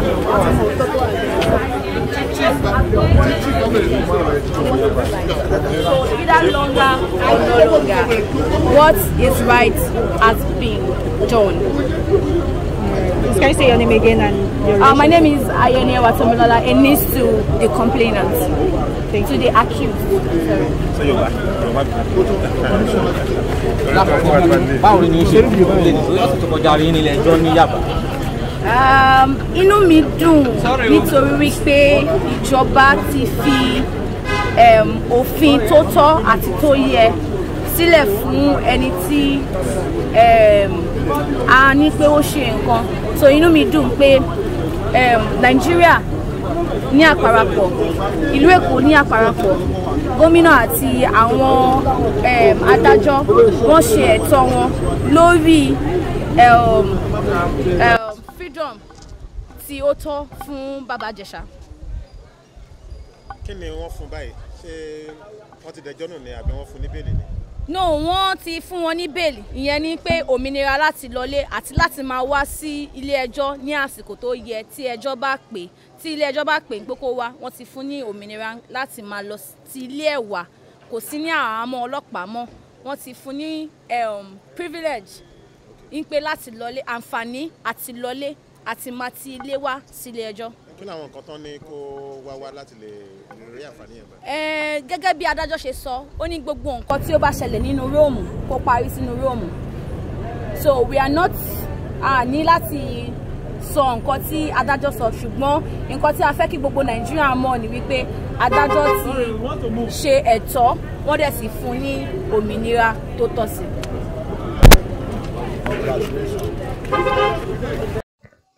Either longer and no longer, what is right has been done. Can you say your name again and uh, My name is Ayene Watamilala, It needs to the complainant, Thank to the accused. So you're back. You're back um, inú mi dùn nítorí wípé ìjọba ti fi um, òfin tó tọ́ àti tó yẹ sílẹ̀ fún ẹni tí um, a ní pé ó ṣe nǹkan so inú mi dùn pé um, Nàìjíríà ní àparapọ̀ ìlú Èkó ní àparapọ̀ gómìnà àti àwọn um, adájọ́ wọ́n ṣe ẹ̀tọ́ wọn lórí um, um, freedom tí ó tọ́ fún bàbá Ìjẹ̀ṣà. kí ni wọ́n fún báyìí ṣé wọ́n ti dẹjọ́ nù ni àbí wọ́n fún ní bẹ́ẹ̀lì ni. no wọ́n ti fún wọn ní bẹ́ẹ̀lì ìyẹn ni pé òmìnira láti lọlé àti láti máa wá sí ilé ẹjọ́ ní àsìkò tó yẹ tí ẹjọ́ bá pè tí ilé ẹjọ́ bá pè ń pé kó wá wọ́n ti fún ní òmìnira láti máa lọ sí ilé ẹ̀wà kò sí ní àhámọ́ ọlọ́pàá mọ́ wọ́n ti fún ní um, privilege ń pé láti lọlé àǹfààní àti lọlé àti máa lewa ilé wá sílé ẹjọ́. kí làwọn nǹkan tán ní kó wá wá láti lè rí àǹfààní yẹn gbà. gẹ́gẹ́ bí adájọ́ ṣe sọ ó ní gbogbo nǹkan tí ó bá ṣẹlẹ̀ nínú róòmù kó parí sínú róòmù so we are not a ní láti sọ nǹkan tí adájọ́ sọ ṣùgbọ́n nǹkan tí a fẹ́ kí gbogbo nàìjíríà mọ̀ ni wípé adájọ́ ti ṣe ẹ̀tọ́ wọ́n dẹ̀ sì fún ní òmìnira tó tọ́ sí. Congratulations.